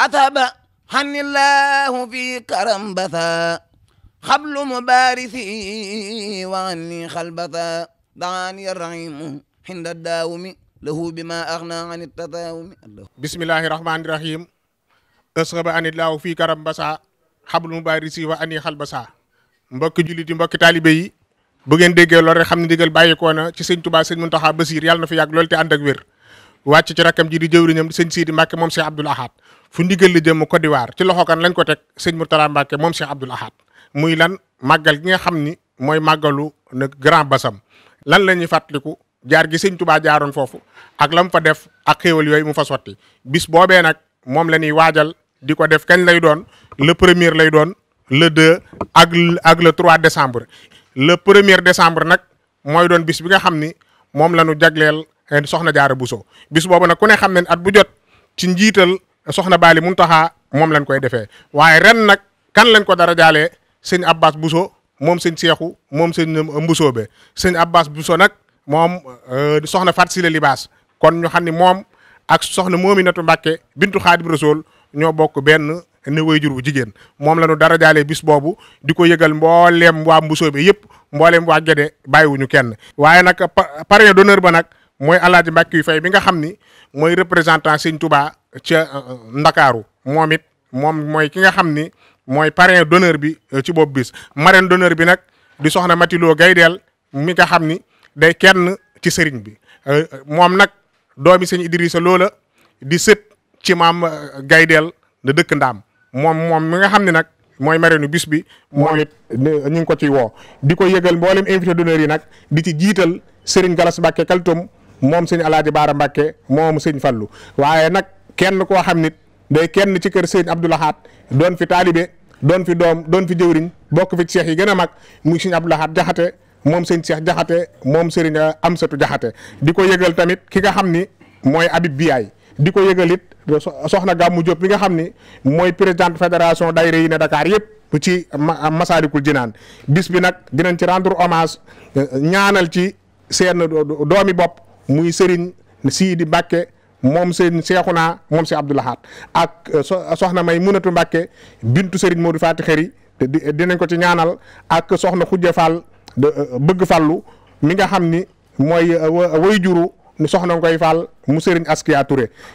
أثب حن الله في كرم بثا خبل مبارثي وعني خلبثا دعاني الرحيم حند الداوم له بما أغنى عن التداوم بسم الله الرحمن الرحيم أصغب عن الله في كرم بثا xablu mubaarisi wa ani xalbasa mbokki jullit yi mbokki taalibe yi bu ngeen déggee lool rek xam ne ndigal bàyyikoo na ci sëñ Tuubaa sëñ Muntaxa Basiir yàlla na fi yàgg loolu te ànd ak wér wàcc ci rakkam ji di jëwriñam sëñ Siidi Mbàkke moom Seex Abdul Ahad fu ndigal li jëm Côte d'Ivoire ci loxo kan lañ ko teg sëñ Mourtala Mbacke moom Cheikh Abdoul Ahad muy lan màggal gi nga xam ni mooy màggalu nag Grand basam lan la ñuy fàttaliku jaar gi sëñ Touba jaaroon foofu ak la mu fa def ak xéewal yooyu mu fa sotti bis boobee nag moom la ñuy waajal di ko def kañ lay doon le premier lay doon le deux ak ak le trois decembre le premier décembre nag mooy doon bis bi nga xam ni moom la ñu jagleel eh, soxna Jaara Buso bis boobu nag ku ne xam at bu jot ci njiital. soxna Baali Muntaxa moom lañ koy defee waaye ren nag kan lañ ko dara jaalee sëñ Abbas Bousso moom seen Seexu moom seen Mbousso be sëñ Abbas Bousso nag moom di euh, soxna si la Libaas kon ñu xam ne moom ak soxna Moominatu Mbàkke bintu Xaadim Rasool ñoo bokk benn ne wayjur bu jigéen moom la ñu dara jaalee bis boobu di ko yëgal mbooleem waa Mbousso be yëpp mbooleem waa Gede bàyyiwuñu kenn waaye nag parrain d'honneur ba nag mooy Alaaji Mbàkke yu fay bi nga xam ni mooy représentant sëñ Touba ci euh, ndakaaru moom it moom mooy ki nga xam ni mooy parrain d'honneur bi euh, ci bopp bis marraine d'honneur bi nag di soxna matilo Gaydeel mi nga xam ni day kenn ci sëriñ bi euh, moom nag doomi sëñ Idrissa loola di sët ci maam Gaydeel da dëkk ndaam moom moom mi nga xam ni nag mooy marraine bis bi moom it ñu ko ciy woo di ko yëgal mboolem invité d'honneur yi nag di ci jiital sëriñ Galas Mbàkke Kaltum moom sëñ Alaaji Baara Mbàkke moom sëñ Fallu waaye nag kenn koo xam nit day kenn ci kër Sëriñ Abdou Lahad doon fi taalibe doon fi doom doon fi jëwriñ bokk fi seex yi gën a mag muy Sëriñ Abdou Lahad Jaxate moom sëñ Seex Jaxate moom Sëriñ Amsatu Jaxate di ko yëgal tamit ki nga xam ni mooy Habib Biyaay di ko yëgal it soxna Gàmmu Jóob bi nga xam ni mooy présidente fédération daayira yi ne dakaar yëpp ci Masaalikul Jinaan bis bi nag dinañ ci rendre hommage ñaanal ci seen doomi bopp muy Sëriñ Siidi Mbàkke moom seen naa moom si Abdou Lahad ak euh, soxna may Munatu Mbàkke bintu Serigne Modou Faty Khary dinañ ko ci ñaanal ak soxna Khoudia Fall euh, bëgg fallu mi nga xam ni mooy euh, way juru soxna Ngoy Fall mu Serigne Askia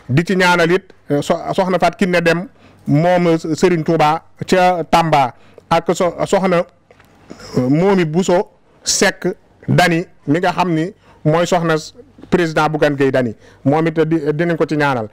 di ci ñaanal it soxna Faat Kiné Dem moom Serigne Touba ca Tamba ak soxna moomi buso Seck Dani mi nga xam ni mooy soxna président Bougane Gueye Dany moom it dinañ ko ci ñaanal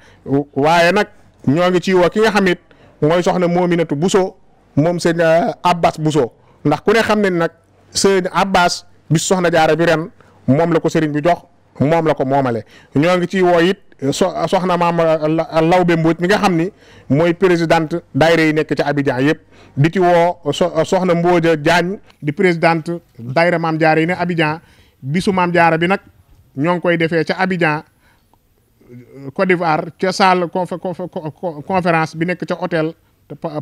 waaye nag ñoo ngi ci woo ki nga xam it mooy soxna Mominatou Bousso moom sëñ euh, Abbas Bousso ndax ku ne xam ne nag sëñ Abbas bi soxna jaara bi ren moom la ko sëriñ bi jox moom la ko moomale ñoo ngi ci woo it so soxna maam euh, Lawbe Mbodj mi nga xam ni mooy présidente daayira yi nekk ci Abidjan yëpp di ci woo soxna Mbodj Diagne di présidente daayira maam jaara yi ne Abidjan bisu maam jaara bi nag ñoo ngi koy defee ca Abidjan Côte d'Ivoire ca salle conférence bi nekk ca hôtel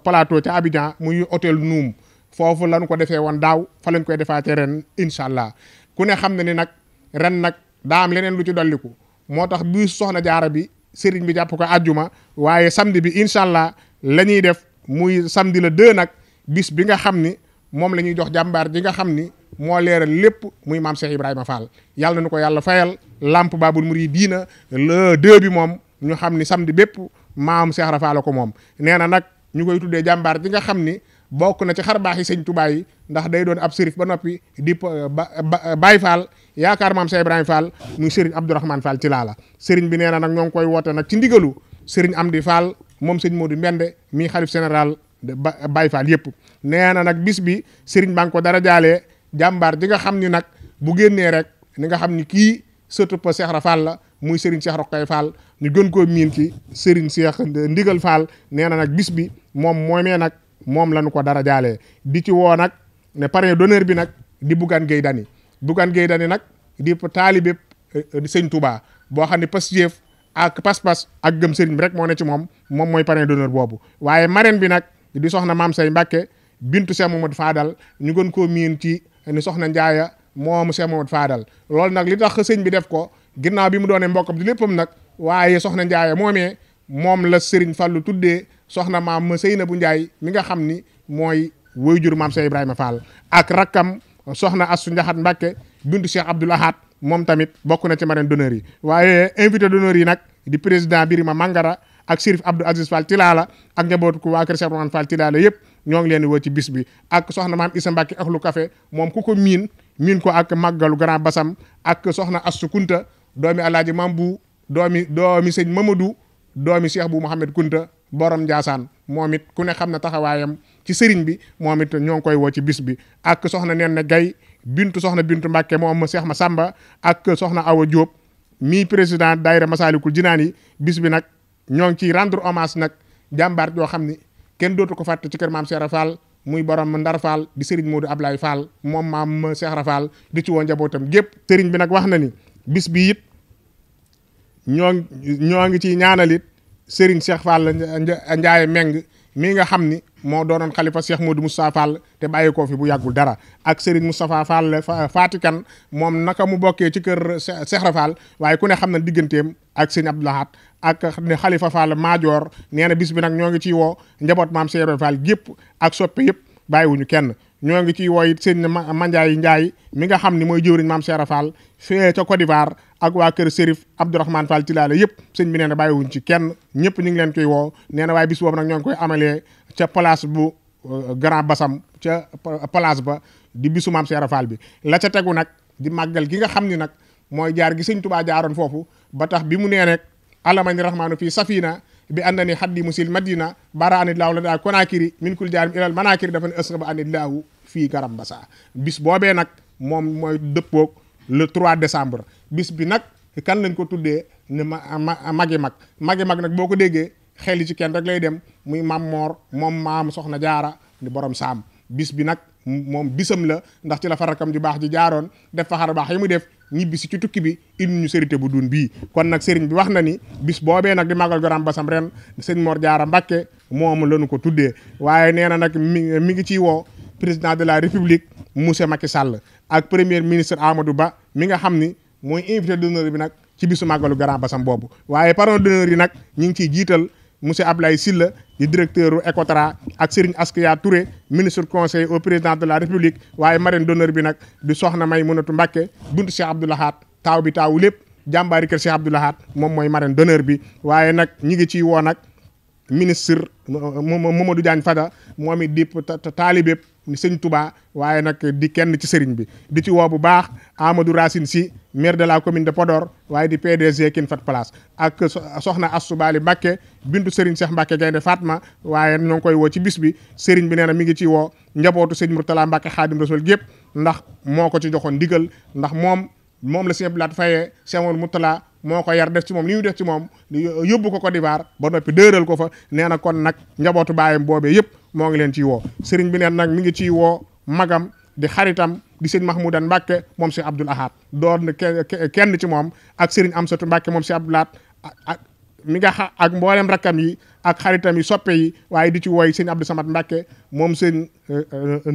plateau ca Abidjan muy hôtel Noum foofu lañ ko defee woon daaw fa lañ koy defaatee ren incha allah ku ne xam na ni nag ren nag daa am leneen lu ci dolliku moo tax bii soxna jaara bi sëriñ bi jàpp ko àjjuma waaye samedi bi incha allah la def muy samedi le 2 nag bis bi nga xam ni. moom la ñuy jox jàmbaar ji nga xam ni moo leeral lépp muy maam Cheikh Ibrahima Fall yàlla na nu ko yàlla fayal lamp baabul muridiina le deux bi moom ñu xam ni samedi bépp maam Cheikh Rafaala ko moom nee na nag ñu koy tuddee jàmbaar ji nga xam ni bokk na ci xar baax yi sëñ Tuubaa yi ndax day doon ab sërif ba noppi di Baay Faal yaakaar maam Cheikh Ibrahima Fall muy sëriñ Abdourahmane Fall ci laa la sëriñ bi nee na nag ñoo ngi koy woote nag ci ndigalu sëriñ Amdi Fall moom sëñ Modou Mbende mii xalif général Baay Faal yëpp nee na nag bis bi sëriñ baa ngi ko dara jaalee jàmbaar ji nga xam ni nag bu génnee rek ni nga xam ni kii surtout pa Seex Ibra Faal la muy Serigne Cheikh Rokhaya Fall ñu gën koo miin ci Serigne Cheikh Ndigal Fall nee na nag bis bi moom moomee nag moom la ñu ko dara jaalee di ci woo nag ne parrain d'honneur bi nag di Bougane Gueye Dany Bougane Gueye Dany nag di taalibe eh, Sëñ Touba boo xam ne pastéef ak pas-pas ak gëm Serigne rek moo ne ci moom moom mooy parrain d'honneur boobu waaye marraine bi nag. di soxna maam say Mbàkke bintu Cheikh Mamadou Fadal ñu gën koo miin ci ni soxna Njaaya moomu Cheikh Mamadou Fadal loolu nag li tax sëñ bi def ko ginnaaw bi mu doonee mbokkam di léppam nag waaye soxna Njaaya moomee moom la Serigne Fallou tuddee soxna maam ma sëy na bu Njaay mi nga xam ni mooy woyjur maam say Ibrahima Fall ak rakkam soxna Assu Njaxat Mbàkke bintu Cheikh Abdoul Ahad moom tamit bokk na ci marraine d'honneur yi waaye invité d'honneur yi nag di président Birima Mangara ak Chérif Abdou Aziz Fall Tilala ak njabootu ku waa kër Cheikh Oumar Fall Tilala yëpp ñoo ngi leen di woo ci bis bi ak soxna maam Issa Mbacke ak lu café moom ku ko miin miin ko ak màggalu Grand Bassam ak soxna Astou Kunta doomi alaaji mam bu doomi doomi sëñ Mamadou doomi seex bu Mouhamed Kunta borom Ndiassane moom it ku ne xam na taxawaayam ci sëriñ bi moom it ñoo ngi koy woo ci bis bi ak soxna nen na gay bintu soxna bintu Mbacke moom ma sàmba ak soxna Awa Diop mii président daayira Masaalikul Jinaan yi bis bi nag ñoo ngi ciy rendre hommage nag jàmbaar joo xam ni kenn dootu ko fàtte ci kër maam Cheikh Fall muy borom Ndar Fall di Serigne Modou Ablaye Fall moom maam Cheikh Fall di ci woo njabootam gépp Serigne bi nag wax na ni bis bi it ñoo ñoo ngi ciy ñaanal it Serigne Cheikh Fall Ndiaye Meng mii nga xam ni moo doonoon xalifa Cheikh moodu Moustapha Fall te bàyyi koo fi bu yàggul dara ak Serigne Moustapha Fall faatikan moom naka mu bokkee ci kër Cheikh Fall waaye ku ne xam na digganteem ak ak ne Khalifa Fall Maajoor nee bis bi nag ñoo ngi ciy woo njaboot maam Cheikh Ibra Fall gépp ak soppe yëpp bàyyiwuñu kenn ñoo ngi ciy woo it sëñ Mandiaye Ndiaye mi nga xam ne mooy jëwriñ maam Cheikh Ibra ca Côte d'Ivoire ak waa kër Serif Abdourahmane Fall Tilala yëpp sëñ bi nee na bàyyiwuñ ci kenn ñëpp ñu ngi leen woo nee na waaye bis boobu nag ñoo ngi koy amalee ca place bu euh, Grand Bassam ca place ba di bisu bi la ca tegu nag di màggal gi nga xam ni nag mooy jaar gi sëñ Tubaa jaaroon foofu ba tax bi mu nee alamani rahmanu fi safina bi annani haddi musil madina bara anillahu la daa konakiri min kul jaarim ilal manakiri dafa ne asraba anillahu fii karambasa bis boobee nag moom mooy dëppoog le trois décembre bis bi nag kan lañ ko tuddee ne ma magi mag magi mag nag boo ko déggee xel yi ci kenn rek lay dem muy maam moor moom maam soxna jaara ni borom saam bis bi nag moom bisam la ndax ci la farakam ju baax ji jaaroon def fa xar baax yi mu def si ci tukki bi indi ñu sérité bu dun bii kon nag sëriñ bi wax na ni bis boobee nag di màggal goram basam ren sëñ Mor Jaara Mbàkke moom nu ko tuddee waaye nee na nag mi mi ngi ci woo président de la république monsieur Macky Sall ak premier ministre Amadou Ba mi nga xam ni mooy invité d'honneur bi nag ci bisu màggalu Grand basam boobu waaye parrain d'honneur yi nag ñu ngi ciy jiital monsieur Ablaye Sylla di directeur u Ecotra ak Serigne Askia Touré ministre conseil au président de la république waaye marin d'honneur bi nag di soxna may mënatu Mbàkke buntu Cheikh Abdou Lahad taaw bi taawu lépp jàmbaari kër Cheikh Abdou Lahad moom mooy marraine d'honneur bi waaye nag ñi ngi ciy woo nag ministre euh, Mamadou Diagne Fada moom it di taalibe ni sëñ tubaa waaye nag di kenn ci sëriñ bi di ci woo bu baax Amadou Racine si maire de la commune de Podor waaye di PDG King Fat Palace ak soxna Astou Bali Mbacké bintu Serigne Cheikh Mbacké Gaynde Fatma waaye ñoo ngi koy woo ci bis bi sëriñ bi nee na mi ngi ci woo njabootu sëñ Mourtala Mbacké Khadim Rasoul gépp ndax moo ko ci joxoon ndigal ndax moom moom la sëñ Abdou Lahad Faye Cheikh Mourtala moo ko yar def ci moom li ñu def ci moom yóbbu ko Côte d'Ivoire ba noppi dëeral ko fa nee na kon nag njabootu baayam boobee yëpp moo ngi leen ciy woo sëriñ bi neen nag mi ngi ciy woo magam di xaritam di sëñ Mahmoudan Mbacke moom si Abdoul Ahad doon na kenn ci moom ak sëriñ Amsatu Mbacke moom si Abdoul Ahad mi nga xa ak mboolem rakkam yi ak xaritam yi soppe yi waaye di ci wooy sëñ Abdou Samad Mbacke moom sëñ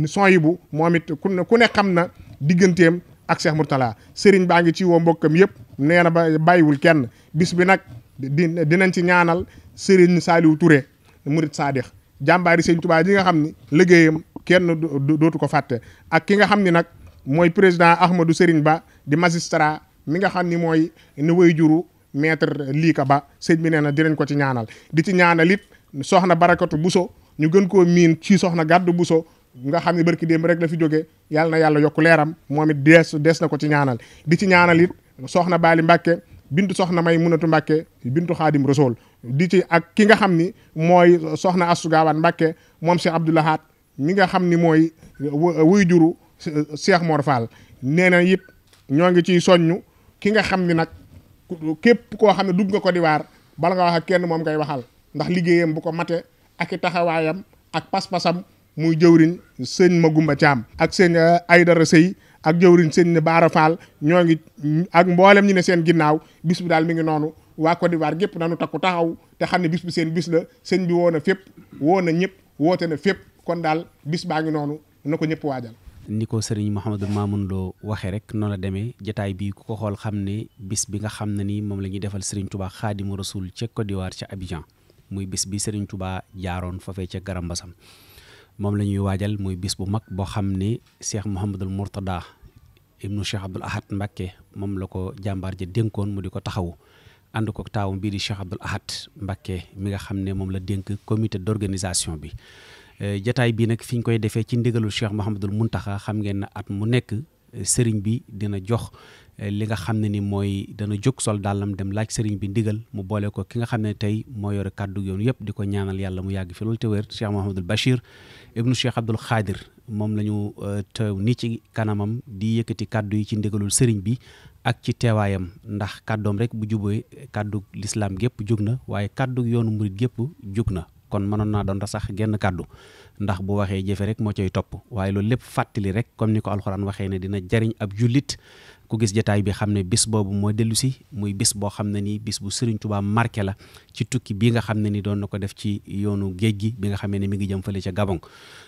son yi bu moom it ku ne ku ne xam na digganteem ak Cheikh Mourtala sëriñ baa ngi ci woo mbokkam yëpp nee na ba bàyyiwul kenn bis bi nag di dinañ ci ñaanal sëriñ Saliou Touré murit Sadikh jàmbaari sëñ Tubaa ji nga xam ni liggéeyam kenn dootu ko fàtte ak ki nga xam ni nag mooy président Ahmadou Serigne Ba di magistrat mi nga xam ni mooy ni way juru maître liika ba sëñ bi nee na dinañ ko ci ñaanal di ci ñaanal it soxna barakatu buso ñu gën koo miin ci soxna gàddu buso nga xam ne barki démb rek la fi jóge yàlla yàlla yokku leeram moom it dees dees na ko ci ñaanal di ci ñaanal it Baali Mbàkke bintu soxna may munatu mbàkke bintu xaadim rasool di ci ak ki nga xam ni mooy soxna astu gaawaan moom Cheikh Abdou Lahad mi nga xam ni mooy wuy juru Cheikh Mor Fall nee na it ñoo ngi ciy soññu ki nga xam ni nag képp koo xam ne dugg nga ko diwaar bala nga wax ak kenn moom ngay waxal ndax liggéeyam bu ko mate aki taxawaayam ak pas-pasam muy jëwriñ sëñ Magumba Thiam ak sëñ euh, Aydara Sëy ak jëwriñ sëñ ne Baara Faal ñoo ngi ak mboolem ñi ne seen ginnaaw bis bi daal mi ngi noonu waa Côte d'Ivoire gépp nañu takku taxaw te xam ne bis bi seen bis la sëñ bi woo na fépp woo na ñëpp woote na fépp kon daal bis baa ngi noonu na ko ñëpp waajal. ni ko sëriñ Mouhamadou Mamoun Lo waxee rek noonu la demee jataay bi ku ko xool xam ne bis bi nga xam ne ni moom la ñuy defal sëriñ Touba Xaadimu Rasul ca Côte d'Ivoire ca muy bis bi sëriñ Touba jaaroon fafee ca Garambasam moom la ñuy waajal muy bis bu mag boo xam ni Cheikh Mouhamadul Mourtada ibnu Cheikh Abdoul Ahad Mbacke moom la ko jàmbaar ji dénkoon mu di ko taxawu ànd ko taawam bii di Cheikh Abdoul Ahad mbakke mi nga xam ne moom la dénk comité d'organisation bi euh, jataay bi nag fi ñu koy defee ci ndigalul Cheikh Mouhamadul Mountakha xam ngeen ne at mu nekk euh, sëriñ bi dina jox euh, li nga xam ne ni mooy dana jóg soldaal dàllam dem laaj sëriñ bi ndigal mu boole ko ki nga xam ne tey moo yore kàddu yoon yëpp di ko ñaanal yàlla mu yàgg fi loolu te wér Cheikh Mouhamadul Bachir ibnu Cheikh Abdul Xaadir moom la ñu euh, teew ni ci kanamam di yëkkati kàddu yi ci ndigalul sëriñ bi ak ci teewaayam ndax kàddoom rek bu jubee kàddu lislaam gépp jug na waaye kàddu yoonu murit gépp jug na kon mënoon naa doon sax genn kàddu ndax bu waxee jëfe rek moo cay topp waaye loolu lépp fàttali rek comme ni ko alxuraan waxee ne dina jariñ ab jullit ku gis jataay bi xam ne bis boobu moo dellu si muy bis boo xam ne nii bis bu Serigne Touba marqué la ci tukki bi nga xam ne ni doon na ko def ci yoonu géej gi bi nga xamee ne mi ngi jëm fële ca Gabon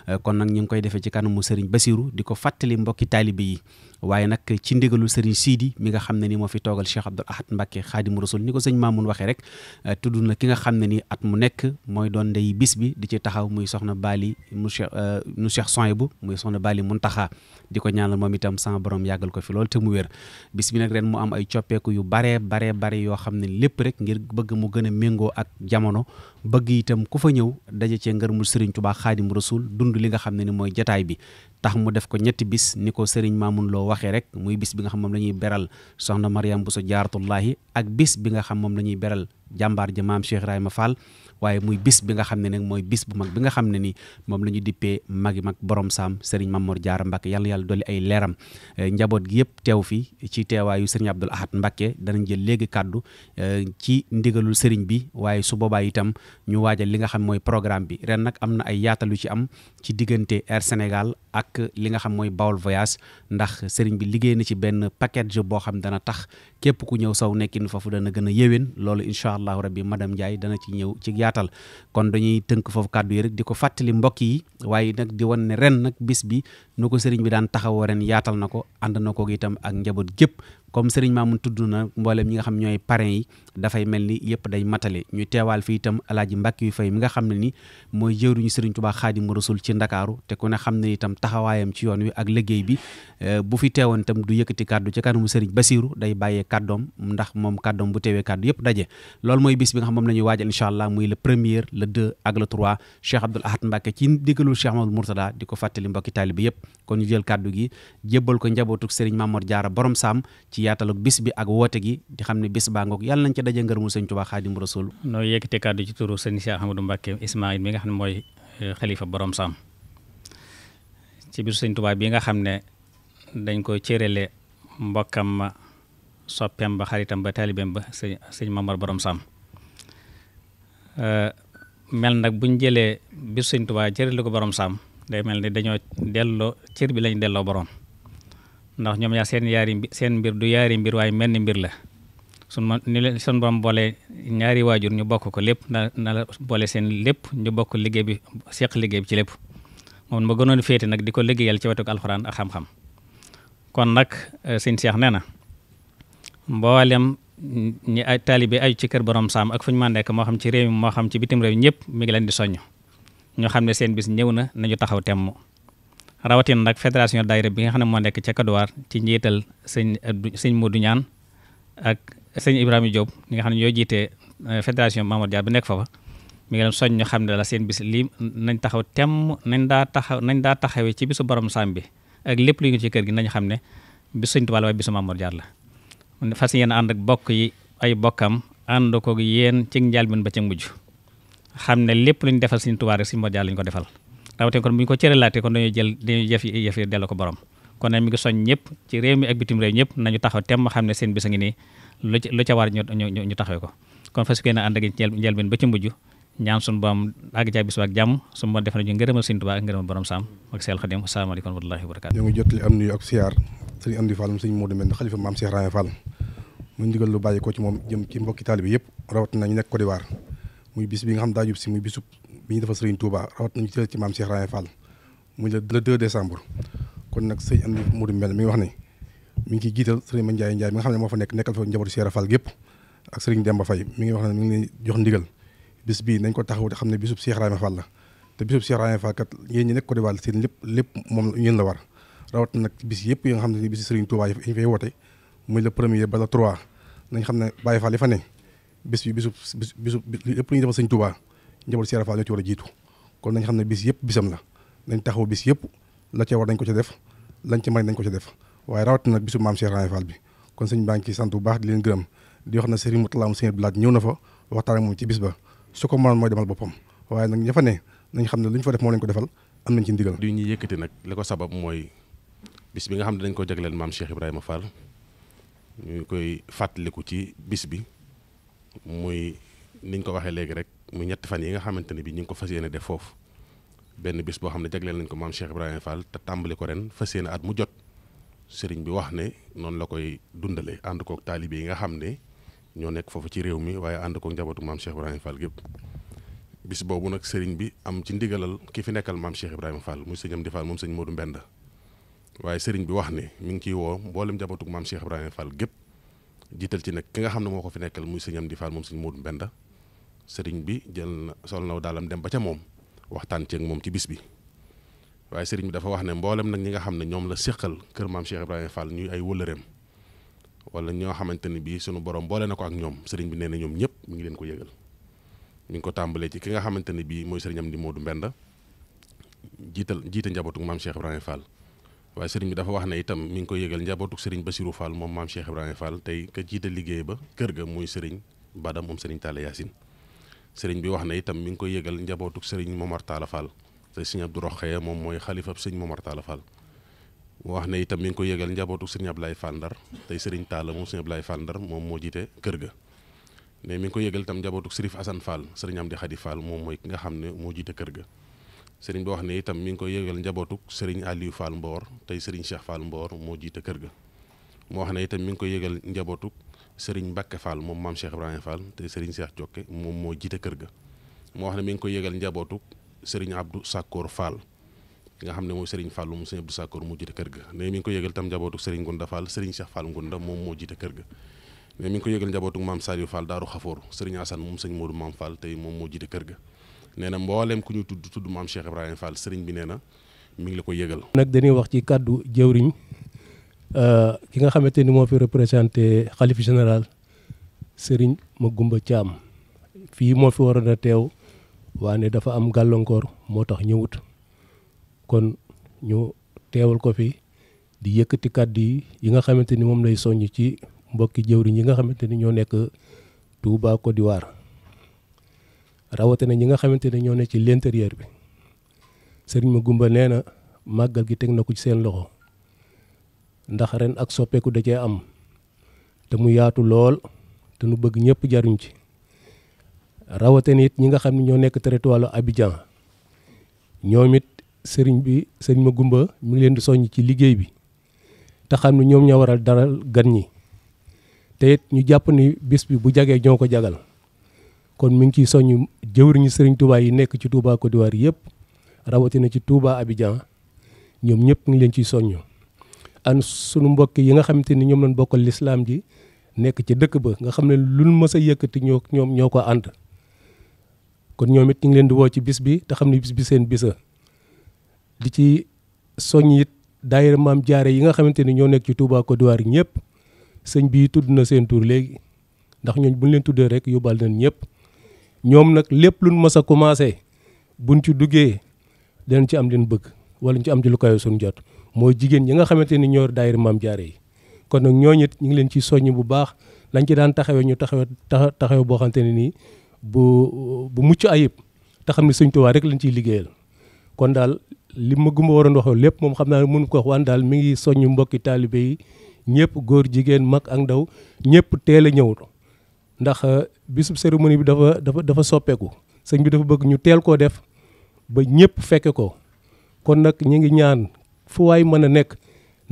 euh, kon nag ñu ngi koy defee ci kanamu Serigne Bassirou di ko fàttali mbokki taalibe yi waaye nag ci ndigalu Serigne Sidi mi nga xam ne ni moo fi toogal Cheikh Abdoul Ahad Mbacké Xaadimu Rasul ni ko sëñ Mamoun waxee rek euh, tudd na ki nga xam ne ni at mu nekk mooy doon ndey bis bi di ci taxaw muy soxna Bali mu euh, Cheikh nu Cheikh Sohaibou muy soxna Bali Muntaxa di ko ñaanal moom itam sama boroom yàggal ko fi lool te mu wér bis bi nag ren mu am ay coppeeku yu baree baree bare yoo xam ne lépp rek ngir bëgg mu gën a méngoo ak jamono bëgg itam ku fa ñëw daja cee ngërmul Serigne Touba Xaadim Rasul dund li nga xam ne ni mooy jataay bi tax mu def ko ñetti bis ni ko Serigne Mamoun loo waxee rek muy bis bi nga xam moom la ñuy beral soxna Mariam Bousso Jaaratullaahi ak bis bi nga xam moom la ñuy beral jàmbaar ja maam Cheikh Ibrahima Fall waaye muy bis bi nga xam ne nag mooy bis bu mag bi nga xam ne ni moom la ñu dippee magi mag borom saam Serigne Mamour jaara Mbacke yàlla yàlla dolli ay leeram eh, njaboot gi yëpp teew fi ci teewaayu Serigne Abdoul Ahad danañ jël léegi kàddu eh, ci ndigalul Serigne bi waaye su boobaa itam ñu waajal li nga xam mooy programme bi ren nag am na ay yaatalu ci am ci diggante Air Sénégal ak li nga xam mooy Baol Voyage ndax Serigne bi liggéey na ci benn package boo xam dana tax képp ku ñëw saw nekkin foofu dana gën a yéwén allahu rabbi madame Ndiaye dana ci ñëw ci yaatal kon dañuy tënk foofu kàddu yi di ko fàttali mbokk yi waaye nag di wan ne ren nag bis bi nu ko sëriñ bi daan taxawoo ren yaatal na ko ànd na ko itam ak njaboot gépp comme sëriñ Mamoun tudd na mboolem ñi nga xam ñooy parrain dafay mel ni yëpp day matale ñu teewaal fi itam alaaji mbàkk yu fay mi nga xam ne ni mooy jëwriñu sëriñ Tuubaa Xaadimu Rasuul ci ndakaaru te ku ne xam ne itam taxawaayam ci yoon wi ak liggéey bi eh, bu fi teewoon tam du yëkkati kàddu ci kanamu sëriñ Basiiru day bàyyee kàddoom ndax moom kàddoom bu teewee kàddu yëpp daje loolu mooy bis bi nga xam moom la ñu waajal incha allah muy le premier le deux ak le trois Cheikh Abdoul Ahad Mbacke ci ndigalul Cheikh di ko fàttali mbokki taalibe yëpp kon ñu jël kàddu gi jébbal ko njabootu sëriñ Mamoor Jaara borom saam ci yaataluk bis bi ak woote gi di xam ne bis baa ngoog yàlla nañ ca daje ngërëmu sëñ xaa Xaadimu Rasuul noo yëkkate kàddu ci turu sëñ Cheikh Ahmadou Mbacke Ismaïl mi nga xam ne mooy euh, xalifa borom saam ci bisu sëñ Tuubaa nga xam ne dañ ko cërale mbokkam ma soppeem ba xaritam ba taalibeem ba sëñ sëñ Mamoor borom saam euh, mel nag buñ jëlee bisu sëñ Tuubaa cërale ko borom saam day mel ni dañoo delloo cër bi lañ delloo boroom ndax ñoom yaa seen yaari seen mbir du yaari mbir waaye mel ni mbir la sun ma ni leen sun borom boole ñaari waajur ñu bokk ko lépp na na boole seen lépp ñu bokk liggéey bi seq liggéey bi ci lépp moom ma gënoon féete nag di ko liggéeyal ci wetu alxuraan a xam-xam kon nag eh, sëñ Seex nee na mboolem ñi ay taalibe aju ci kër borom saam ak fu ñu mën nekk moo xam ci réew mi moo xam ci bitim réew ñëpp mu ngi di soññ ñoo xam ne seen bis ñëw na nañu taxaw temm rawatin nag fédération daayira bi nga xam ne moo nekk ca Kaduwaar ci njiital sëñ sëñ du Ñaan ak sëñ Ibrahima Diop ñi nga xam ne ñoo jiitee euh, fédération Mamadou Dia bi nekk fa fa mi soñ ñu xam la seen bis lii nañ taxaw temm nañ daa taxaw nañ daa taxawee ci bisu borom saam ak lépp lu ñu ci kër gi nañ xam ne bisu sëñ Tuubaa la waaye bisu Mamadou Dia la fas yéen ànd ak bokk yi ay bokkam ànd ko yéen ci njaal ba ci mujj xam ne lépp lu ñu defal Sëriñ Tuubaa rek Sëriñ Mor Jaara lañ ko defal rawatina ko cëralaatee kon dañuy jël dañuy mi ngi soñ ñëpp ci réew mi ak bitim réew ñëpp nañu taxaw xam ne seen bis a ngi nii lu ca lu ca ñu ñu taxawee ko kon fas yéene ànd ak njëlbeen ba ci mujj ñaan suñu boom àgg ca bis ak jàmm def nañu ngërëmal Sëriñ wa rahmatullaahi wa barakaatu. ñoo ngi jotali am nuyu ak siyaar sëriñ Amdi Fall sëriñ Modou Mbène xalifa maam Cheikh Rahane Fall mu ndigal lu bàyyi ko ci moom jëm ci mbokki taalibe yëpp rawatina ñu nekk Côte d'Ivoire muy bis bi nga xam daa si muy bisub bi ñu defal Serigne Touba rawat nañu ci ci maam Cheikh Rahane Fall muy le 2 décembre kon nag sëñ Amdi Mourou Mbel mi wax ne ngi ciy jiital Serigne Ma Ndiaye Ndiaye mi nga xam ne moo fa nekk nekkal fa njabootu Cheikh Fall gépp ak Serigne Demba Faye mi ngi wax ne mi ngi jox ndigal bis bii nañ ko taxaw te xam ne bisub Cheikh Rahane la te bisub Cheikh Rahane kat yéen ñi nekk ko diwal seen lépp lépp moom yéen la war rawat nag bis yëpp yi nga xam ne bisi Serigne Touba yi ñu fay bis bi bisu bisu lépp lu ñuy defal kon nañ xam ne bis yëpp bisam la nañ taxaw bis yëpp la ca war nañ ko ca def lañ ca may nañ ko ca def waaye rawatina nag bisu maam Cheikh Fall bi kon sëñ baa ciy sant bu baax di leen gërëm di wax na Serigne Moutalla Sëñ ñëw na fa waxtaan ak moom ci bis ba su ko demal boppam waaye nag ña fa ne nañ xam ne lu ñu fa moo lañ ko defal am nañ ci ndigal du ñuy yëkkati nag li ko sabab mooy bis bi nga xam ne dañ ko jagleel maam Cheikh Ibrahima Fall ñu koy fàttaliku ci bis bi muy niñ ko waxee léegi rek mu ñetti fan yi nga xamante ne bi ñu ngi ko fas yéene def foofu benn bis boo xam ne jagleel nañ ko maam Cheikh Ibrahima Fall te tàmbali ko ren fas yéene at mu jot sëriñ bi wax ne noonu la koy dundale ànd kook taalibe yi nga xam ne ñoo nekk foofu ci réew mi waaye ànd kook njabootu maam Cheikh Ibrahima Fall gépp bis boobu nag sëriñ bi am ci ndigalal ki fi nekkal maam Cheikh Ibrahima Fall muy sëñ Amdi Fall moom sëñ Modou Mbenda waaye sëriñ bi wax ne mi ngi ci woo mboolem njabootu maam Cheikh Ibrahima Fall gépp jiital ci nag ki nga xam ne moo ko fi nekkal muy sëñ Amdi Fall moom sëñ Modou Mbenda sëriñ bi jël na sol naw daalam dem ba ca moom waxtaan ceeg moom ci bis bi waaye sëriñ bi dafa wax ne mboolem nag ñi nga xam ne ñoom la séqal kër maam Cheikh Ibrahima Fall ñuy ay wëllëreem wala ñoo xamante ni bii sunu borom boole na ko ak ñoom sëriñ bi nee na ñoom ñëpp mu ngi leen ko yëgal mi ngi ko tàmbalee ci ki nga xamante ni bii mooy di Amdi Modou Mbenda jiital jiite njabootu maam Cheikh Ibrahima Fall waaye sëriñ bi dafa wax ne itam mi ngi koy yëgal njabootuk sëriñ Bassirou Fall moom maam Cheikh Ibrahima Fall tey ka jiite liggéey ba kër ga muy sëriñ Badam moom sëriñ Talla Yacine sëriñ bi wax ne itam mi ngi koy yëgal njabootuk sëriñ Momar Talla Fall moom mooy xalifab sëriñ Momar Talla wax ne itam mi ngi koy yëgal njabootuk sëriñ Ablaye Fall Ndar tey sëriñ Talla moom sëriñ Ablaye Fall Ndar moom moo jiite kër ga ne mi ngi koy yëgal itam njabootuk sërif Assane Fall sëriñ Amdi Khadi Fall moom mooy ki nga xam ne moo jiite kër ga seriñ bi wax ne itam mi ngi koy yëgal njabootuk sëriñ Aliou Fall Mboor tey sëriñ Cheikh Fall Mboor moo jiite kër ga moo wax ne itam mi ngi koy yëgal njabootuk sëriñ Mbacke Fall moom maam Cheikh Ibrahima Fall tey sëriñ Cheikh Jokke moom moo jiite kër ga moo wax ne mi ngi koy yëgal njabootuk sëriñ Abdou Sakkoor Fall nga xam ne mooy sëriñ Fall moom sëriñ Abdou Sakkoor moo jiite kër ga ne moo jiite kër ga ne mi ngi koy yëgal njabootuk maam Saliou Fall Daaru moom sëñ Modou Maam Fall tey moom moo jiite kër ga nee na mboolem ku ñu tudd tudd maam Cheikh Ibrahima Fall sëriñ bi nee na mi ngi la ko yëgal. nag dañuy wax ci kàddu jëwriñ euh, ki nga xamante ni moo fi représenté xalif général sëriñ ma Magoumba Thiam fii moo fi waroon a teew waane dafa am gàllankoor moo tax ñëwut kon ñu teewal ko fi di yëkkati kàddu yi yi nga xamante ni moom lay soññ ci mbokki jëwriñ yi nga xamante ni ñoo nekk Touba Côte rawatina ñi nga xamante ne ñoo ne ci l'intérieur bi sëriñ ma gumba nee na màggal gi teg na ko ci seen loxo ndax ren ak soppeeku da cee am te mu yaatu lool te nu bëgg ñëpp jaruñ ci rawatina it ñi nga xam ne ñoo nekk territoire Abidjan ñoom it sëriñ bi sëriñ ma gumba mi ngi leen di soññ ci liggéey bi te xam ñoom ñoo waral daral gan ñi te it ñu jàpp ni bis bi bu jagee ñoo ko jagal kon mi ciy soññ jëwriñu sëriñ Touba yi nekk ci Touba Côte d'Ivoire yëpp rawatina ci Touba Abidjan ñoom ñëpp ngi leen ciy soññu an sunu mbokk yi nga xamante ni ñoom lañ bokkal lislaam ji nekk ci dëkk ba nga xam ne luñ mës a yëkkati ñoo ñoom ñoo ko ànd kon ñoom it ñu ngi leen di woo ci bis bi te xam ne bis bi seen bisa di ci soññ yit daayira maam jaare yi nga xamante ni ñoo nekk ci Touba Côte d'Ivoire ñëpp sëñ bii tudd na seen tur léegi ndax ñooñ buñ leen tuddee rek yóbbal nañ ñëpp ñoom nag lépp lu luñ mës a commencé buñ ci duggee dinañ ci am liñ bëgg wala ñu ci am ci lu kayo suñ jot moo jigéen ñi nga xamante ni ñoo daayira maam jaare yi kon nag ñooñu it ñu ngi leen ciy soññ bu baax lañ ci daan taxawee ñu taxawe taxawe boo xamante ne nii bu bu mucc ayib te xam ne Sëñ Tuubaa rek lañ ciy liggéeyal kon daal li ma gumba waroon waxoo lépp moom xam naa mënu ko wax waan daal mi ngi soññ mbokki taalibe yi ñëpp góor jigéen mag ak ndaw ñëpp teel a ñëw ndax bisub cérémonie bi dafa dafa dafa soppeeku sëñ bi dafa bëgg ñu teel koo def ba ñëpp fekke ko kon nag ñu ngi ñaan fu waay mën a nekk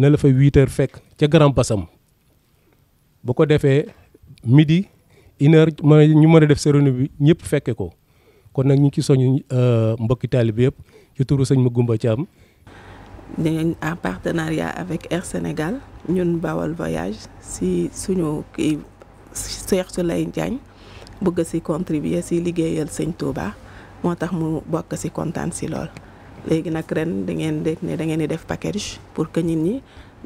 na la fa huit fekk ca Grand Bassam bu ko defee midi une heure ñu mën a def cérémonie bi ñëpp fekke ko kon nag ñu ci soñu euh, mbokki taalibe yëpp ci turu sëñ Magoumba Thiam en partenariat avec Air Sénégal ñun Bawal Voyage si suñu kii Cheikh Soulaye Diagne bëgg si contribuer si liggéeyal sëñ Touba moo tax mu bokk si kontaan si lool. léegi nag ren da ngeen dégg ne da ngeen di def package pour que nit ñi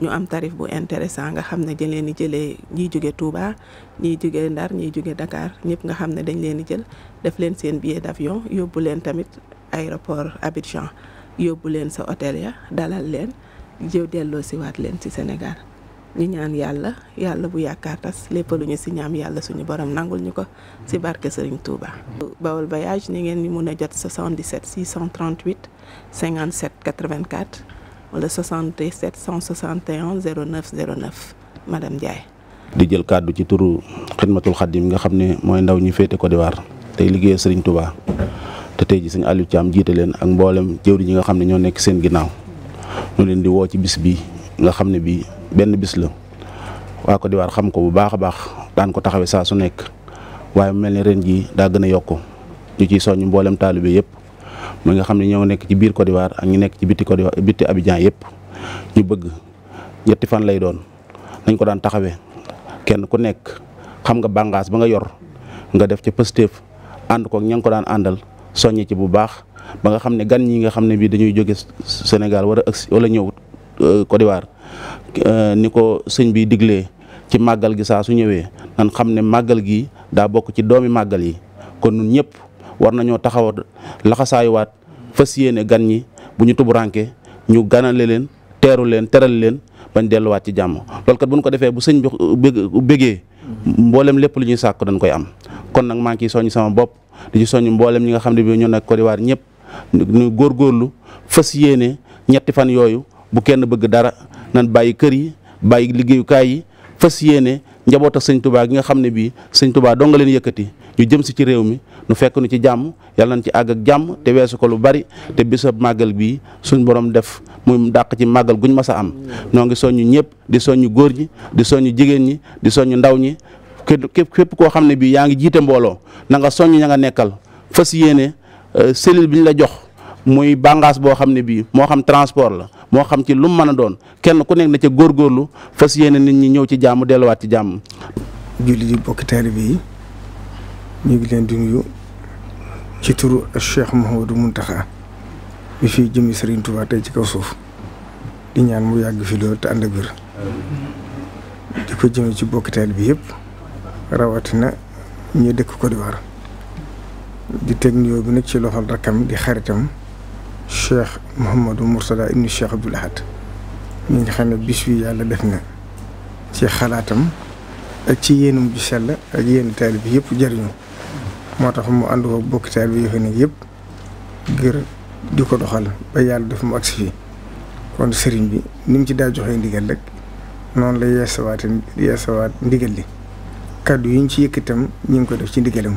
ñu am tarif bu intéressant nga xam ne dañ leen di jëlee ñiy jóge Touba ñiy jóge Ndar ñiy jóge Dakar ñëpp nga xam ne dañ leen di jël def leen seen billet d'avion yóbbu leen tamit aéroport Abidjan yóbbu leen sa hôtel ya dalal leen jëw delloo siwaat leen si Sénégal ñu ñaan yàlla yàlla bu yaakaar tas lépp lu ñu si ñaam yàlla suñu borom nangul ñu ko si barke Serigne Touba. Baol Voyage ni ngeen ni mun a jot 77 638 57 84 wala 77 161 09 09 madame Ndiaye. di jël kàddu ci turu xidmatul mi nga xam ne mooy ndaw ñu féete Côte d'Ivoire tey liggéeyal Serigne Touba te tey ji Serigne Aliou Thiam jiite leen ak mboolem jëwri ñi nga xam ne ñoo nekk seen ginnaaw ñu leen di woo ci bis bi nga xam ne bii benn bis la waa Côte xam ko bu baax a baax daan ko taxawee saa su nekk waaye mu mel ne ren jii daa gën a yokku ñu ci soññ mboolem taalibe yëpp mi nga xam ne ñoo nekk ci biir Côte ak ñu nekk ci bitti Côte d'Ivoire bitti Abidjan yëpp ñu bëgg ñetti fan lay doon nañ ko daan taxawee kenn ku nekk xam nga bàngaas ba nga yor nga def ca pëstéef ànd ko ña nga ko daan àndal soññ ci bu baax ba nga xam ne gan ñi nga xam ne bii dañuy jóge Sénégal wara a wala ñëwut Euh, Côte d'Ivoire euh, ni ko sëñ bi diglee ci màggal gi saa su ñëwee nan xam ne màggal gi daa bokk ci doomi màggal yi kon nun ñëpp war nañoo taxaw laxasaayuwaat fas yéene gan ñi bu ñu tuburanke ñu ganale leen teeru leen teral leen bañ delluwaat ci jàmm loolu kat bu ñu ko defee bu sëñ bi bëggee mboolem lépp lu ñuy sàkk dañ koy am kon nag maa ngi ciy sama bopp di ci soññ mboolem ñi nga xam ne bi ñu nekk Côte d'Ivoire ñëpp góor góorlu fas yéene ñetti fan yooyu bu kenn bëgg dara nan bàyyi kër yi bàyyi liggéeyukaay yi fës yéene njaboot ak sëñ tubaa gi nga xam ne bii sëñ tubaa doo nga leen yëkkati ñu jëm si ci réew mi nu fekk nu ci jàmm yàlla nañ ci àgg jàmm te weesu ko lu bari te bisab màggal bii suñ borom def muy dàq ci màggal guñ mas a am noo ngi ñu ñëpp di ñu góor ñi di ñu jigéen ñi di soññu ndaw ñi képp képp koo xam ne bii yaa ngi jiite mbooloo nanga nga soññ ña nga nekkal fës yéene euh, cellule bi ñu la jox muy bàngaas boo xam ne bii moo xam transport la moo xam ci lu mën a doon kenn ku nekk na ca góorgóorlu fas yéene nit ñi ñëw ci jàmm delluwaat ci jàmm. julli di bokk taalibe yi ñu ngi ci turu Cheikh Mouhamadou Mountakha bi fii jëmi Serigne ci kaw suuf di ñaan mu yàgg fi loolu te ànd ak wér di ko jëme ci bokk taalibe bi yëpp rawatina ñu dëkk Côte d'Ivoire di teg nuyoo bi nag ci loxol rakkam di xaritam. cheikh Mouhamadou Moursala ibni cheikh Abdoul Ahad ñi nga xam ne bis yàlla def na ci xalaatam ak ci yéenum ju sell ak yéen taalibe bi yëpp jëriñu moo tax mu ànd ko bokki taalibe bi yëfe yëpp ngir di ko doxal ba yàlla def mu agsi fii kon sëriñ bi ni ci daa joxe ndigal rek noonu la yeesawaate yeesawaat ndigal li kàddu yi ñu ci yëkkatam ñu ngi ko def ci ndigalam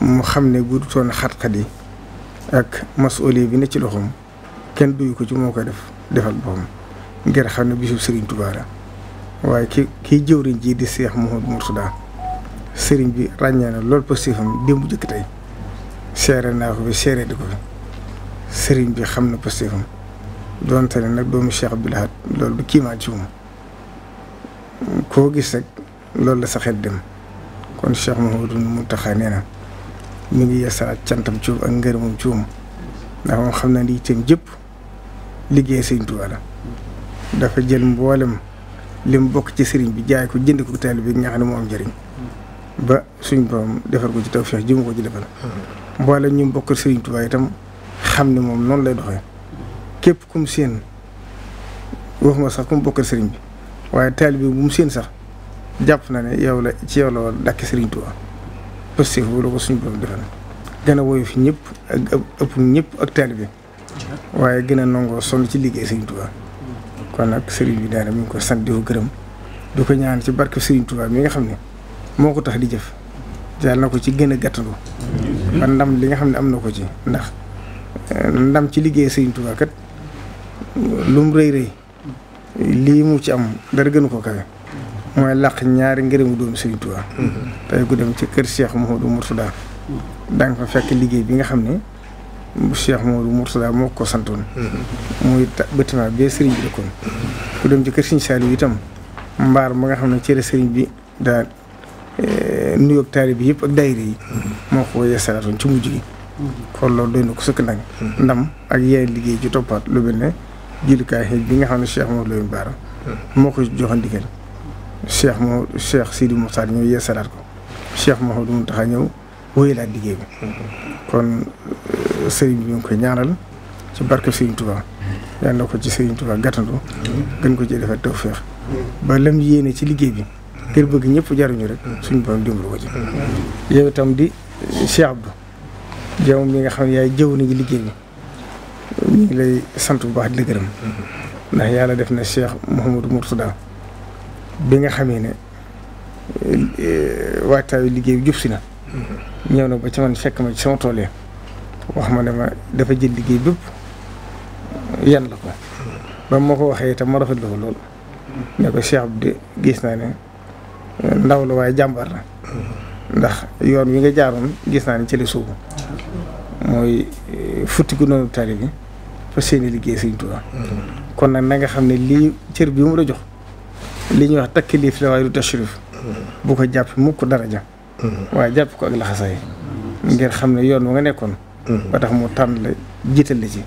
mu xam ne bu dutoon xat-xat yi ak masoli bi ne ci loxoom kenn duyu ko ci moo koy def defal boppam ngir xam ne bisu sëriñ Touba waaye ki kii jëwriñ jii di Seex Mouhamadou Mourtada sëriñ bi ràññee na loolu pastéefam démb jëkk tey seere naa ko fi seere di ko fi Serigne bi xam na pastéefam donte ne nag doomu Cheikh Abdoul Ahad loolu du kiimaa ci moom koo gis rek loolu la sa xel dem kon Cheikh Mouhamadou Mountakha nee na mu ngi yeesalaat cantam ci ak ngërëmam ci moom ndax moom xam naa ni itam jëpp liggéey sëriñ Tuubaa la dafa jël mboolem li mu bokk ci sëriñ bi jaay ko jënd ko taalibe bi nga xam ne moo am ba suñ borom defar ko ci tawfeex jëm ci defal mboolem ñu bokk sëriñ Tuubaa itam xam ne moom noonu lay doxee képp kum seen waxuma sax kum bokkal sëriñ bi waaye taalibe bu mu seen sax jàpp na ne yow la ci yow la war dakki sëriñ Tuubaa Pastef boobu la ko suñu borom defal gën a woyof ñëpp ak ëpp ñëpp ak taalibe bi waaye gën a nangoo sonn ci liggéey Serigne Touba kon nag Serigne bi daal mi ngi ko sant di gërëm du ko ñaan ci barke Serigne Touba nga xam ne moo ko tax di jëf jàll na ko ci gën a gàttandu ba ndam li nga xam ne am na ko ci ndax eh, ndam ci liggéey Serigne Touba kat lu mu rëy rëy lii mu ci am dara gënu ko kawe mooy laq ñaari ngërëmu doomu Sëriñ Tuubaa mm-hmm. tey ku dem ci kër Cheikh Mouhamadou Mourtada da nga fa fekk liggéey bi nga xam ne Cheikh Mouhamadou Mourtada moo ko santoon mm-hmm. muy bâtiment bee mm-hmm. ku dem ci kër Sëriñ Saliou itam mbaar ma nga xam ne cere sëriñ bi daal eh, nuyoog taalibe bi yëpp ak daayira moo ko yeesalaatoon ci mujj gi loolu doy ko sëkk nag ndam ak yaay liggéey ci toppaat lu mel ne bi nga xam ne Cheikh Mouhamadou Lamine Bara moo ko joxoon cheikh moo cheikh Sidi Moukhtar ñëw yeesalaat ko cheikh Mouhamadou Mountakha ñëw wóyalaat liggéey bi. kon euh, sëriñ bi ñu ko ñaaral ci barke Sëriñ Touba. yal na ko ci Sëriñ Touba gàttandu. gën ko ci defal tawféex. ba lam yéene ci liggéey bi. ngir bëgg ñëpp jaruñu rek. suñu borom dimbalu ko ci. yow itam di euh, cheikh Abdou. yow mi nga xam ne yaay jëw nañu liggéey bi. ñu lay sant bu baax di la gërëm. ndax yàlla def na cheikh Mouhamadou Mourtada. bi nga xamee ne eh, waajtaayu liggéey bi jub si na. ñëw na ba ci man fekk ma ci sama tool yi wax ma ne ma dafa jël liggéey bépp yan la ko. ba ma ko waxee itam ma rafetlu ko lool. ne ko Cheikh bi gis naa ne ndaw la waaye jàmbar na. ndax yoon wi nga jaaroon gis naa ne ci la suubu. mooy eh, futti ku noonu tali bi fa seeni liggéey Sëriñ Tuubaa kon nag na xam ne lii cër bi mu la jox. li ñuy wax takkilif la waaye du tashrif mm-hmm. bu ko jàpp mukk daraja mm-hmm. waaye jàpp ko ak laxasaay mm-hmm. ngir xam ne yoon wa nga nekkoon ba tax mu tànn la jiital la ci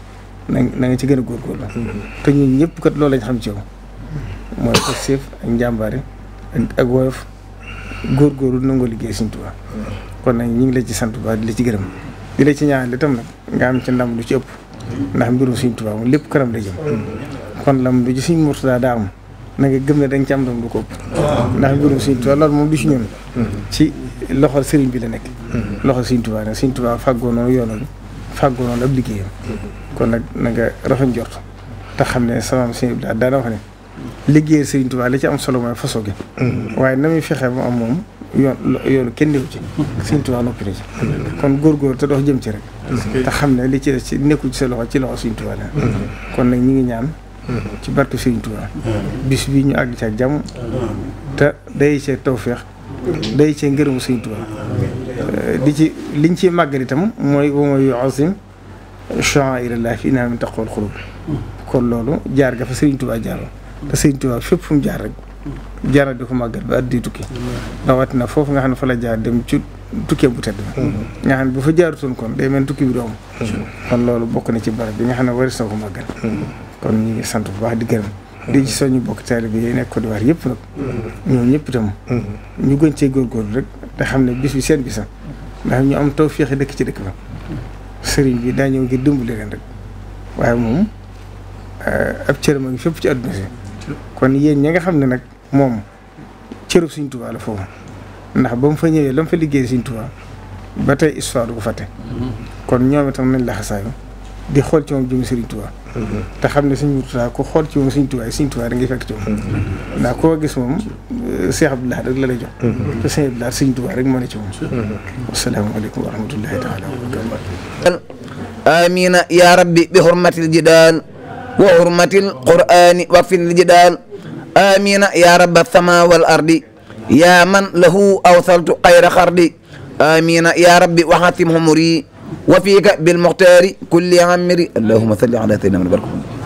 na nga ci gën a góorgóorlu te ñun ñëpp kat loolu lañ xam ci yow mooy ko séef ak njàmbaare ak woyof nangoo liggéey Sëriñ Tuubaa kon nag ñu ngi la ci sant ba di la ci gërëm di la ci ñaanal itam nag nga am ci ndam lu ci ëpp ndax mbirum Sëriñ Tuubaa moom lépp kanam la jëm kon lam lu ci Sëriñ Murtadaa daa am na nga gëm ne da nga ci am doom bu ko ëpp ndax mbirum Sëriñ Tuubaa loolu moom du ci ñun ci loxol sëriñ bi la nekk loxo Sëriñ Tuubaa nag Sëriñ Tuubaa fàggoo noonu yoonoon liggéeyam kon nag na nga rafet jort te xam ne sama sëriñ bi daana wax ne liggéeyal ci am solo mooy façon waaye na muy fexee ba am moom yoon yoonu kenn néew ci Sëriñ Tuubaa noppi na ci kon góorgóor te dox jëm ci rek te xam ne li ci ci nekkul ci sa loxo ci loxo Sëriñ Tuubaa mm-hmm. kon nag ñi ngi ñaan ci barke Sëriñ Tuubaa bis bi ñu àgg ca jàmm te day see tawféex day see ngërëmu Sëriñ Tuubaa di ci liñ ci màggal itam mooy wa mooy azim sha'airallah fi inna min taqwal xulub kon loolu jaar gafa fa Sëriñ Tuubaa jaar te Sëriñ Tuubaa fépp fu mu jaar rek jaara di ko màggal ba at di tukki rawatina foofu nga xam ne fa la jaar dem ci tukkee bu tedd nga xam ne bu fa jaarutoon day mel tukki bi kon loolu bokk na ci barab bi nga xam ne waris na ko màggat kon ñu ngi sant bu wax di gërëm. di ci soññu bokk taalibe yi nekk Côte d'Ivoire yëpp nag. ñoom ñëpp itam. ñu gën cee góorgóorlu rek te xam ne bis bi seen na ndax ñu am tawféex dëkk ci dëkk ba. sëriñ bi daa ñëw ngir dimbali leen rek waaye moom eh, ab cëram a ngi fépp ci àdduna si. kon yéen ña nga xam ne nag moom cërub Sëriñ Tuubaa la foofu ndax ba mu fa ñëwee la mu fa liggéey Sëriñ Tuubaa ba tey histoire bu ko fàtte. kon ñoom itam nañ la xasaayu di xool ci moom jëm Serigne Touba. Mm-hmm. te xam ne Serigne Mourtada ko xool ci moom Serigne Touba Serigne Touba da ngay fekk ci moom. Mm-hmm. ndax koo gis moom euh, Cheikh Abdoulaye rek la lay jox. Mm-hmm. te Cheikh Abdoulaye Serigne Touba rek moo ne ci moom. asalaamaaleykum wa rahmatullahi taala wa barakatu. amina ya rabbi bi hurmatil jidaan wa hurmatil qur'ani waqfin li jidaan amina ya rabba sama wal ardi ya man lahu awsaltu xayra xardi amina ya rabbi waxatim humuri wa fiika bil muxtaari kulli amiri allahuma salli ala sayyidina